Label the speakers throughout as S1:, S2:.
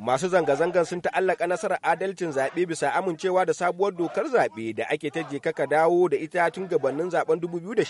S1: Masu zanga zanga sun ta'allaka nasarar adalcin zaɓe bisa amincewa da sabuwar dokar zaɓe da ake ta ka dawo da ita tun gabanin zaben 2019.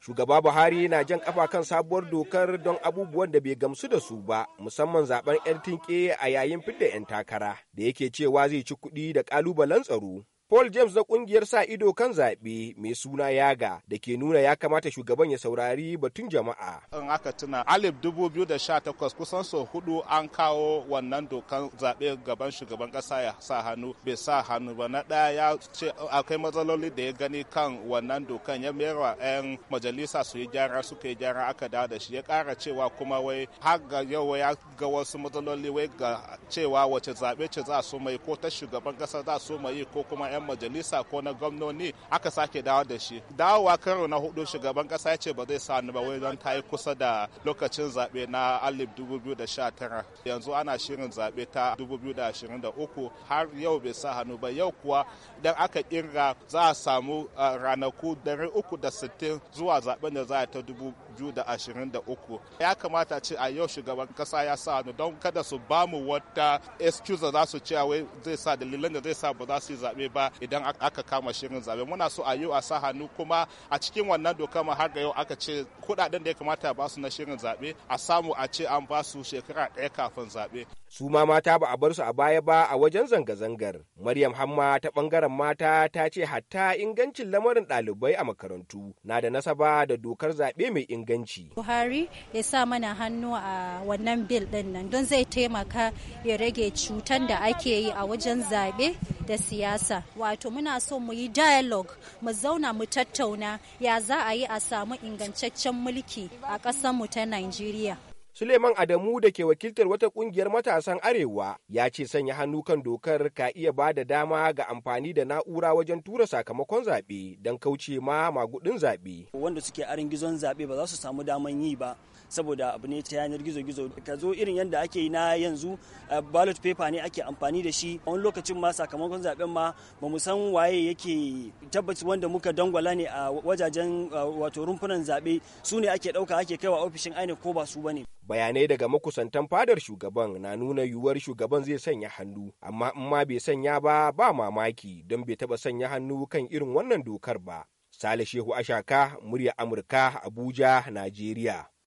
S1: shugaba buhari na jan kafa kan sabuwar dokar don abubuwan da bai gamsu da su ba musamman zaben 'yan tinke a yayin fidda 'yan takara da yake cewa zai ci kuɗi da ƙalubalen tsaro Paul James na kungiyar sa ido kan zaɓe mai suna Yaga da ke nuna ya kamata shugaban ya saurari batun jama'a.
S2: In aka tuna alif 2018
S1: kusan sau hudu an kawo wannan dokan zaɓe
S2: gaban shugaban ƙasa ya sa hannu bai sa hannu ba na ɗaya ya ce akwai matsaloli da ya gani kan wannan dokan ya mera 'yan majalisa su yi gyara suka yi gyara aka dawo da shi ya kara cewa kuma wai har ga yau ya ga wasu matsaloli wai ga cewa wace zaɓe ce za su mai ko ta shugaban ƙasa za su mai ko kuma 'yan 'yan majalisa ko na gwamnoni aka sake dawo da shi dawowa karo na hudu shugaban kasa ya ce ba zai sa ni ba wai don ta yi kusa da lokacin zaɓe na alif 2019 yanzu ana shirin zaɓe ta 2023 har yau bai sa hannu ba yau kuwa idan aka kira za a samu uh, ranaku 360 zuwa zaɓen da za a ta 2023 ya kamata ce a yau shugaban kasa ya sa hannu don kada su bamu wata excuse za su ce wai zai sa dalilan da zai sa ba za su yi zaɓe ba idan aka kama shirin zabe muna so a yi a sa hannu kuma a cikin wannan doka ma har ga yau aka ce kuɗaɗen da ya kamata a basu na shirin zabe a samu a ce an basu shekara ɗaya kafin zaɓe.
S1: su ma mata ba a bar su a baya ba a wajen zanga-zangar. Maryam Hamma ta bangaren mata ta ce hatta ingancin lamarin ɗalibai a makarantu na da nasaba da dokar zaɓe mai inganci.
S3: Buhari ya sa mana hannu a wannan bil ɗin nan don zai taimaka ya rage cutan da ake yi a wajen zaɓe da siyasa wato muna so mu yi dialogue mu zauna mu tattauna ya za a yi a samu ingantaccen mulki a ƙasarmu ta nigeria.
S1: Suleiman Adamu da ke wakiltar wata kungiyar matasan Arewa ya ce sanya hannu kan dokar ka iya ba da dama ga amfani da na'ura wajen tura sakamakon zaɓe don kauce ma magudin zaɓe.
S4: Wanda suke arin gizon zaɓe ba za su samu daman yi ba saboda abu ne ta yanar gizo-gizo ka zo irin yadda ake yi na yanzu eh, ballot paper ne ake amfani da shi a wani lokacin ma sakamakon zaɓen ma ba mu san waye yake tabbaci wanda muka dangwala ne a wajajen eh, wato rumfunan zaɓe su ne ake ɗauka ake kaiwa ofishin ainihin ko ba su ba ne.
S1: bayanai daga makusantan fadar shugaban na nuna yiwuwar shugaban zai sanya hannu amma in ma bai sanya ba ba mamaki don bai taba sanya hannu kan irin wannan dokar ba sale shehu ashaka murya amurka abuja najeriya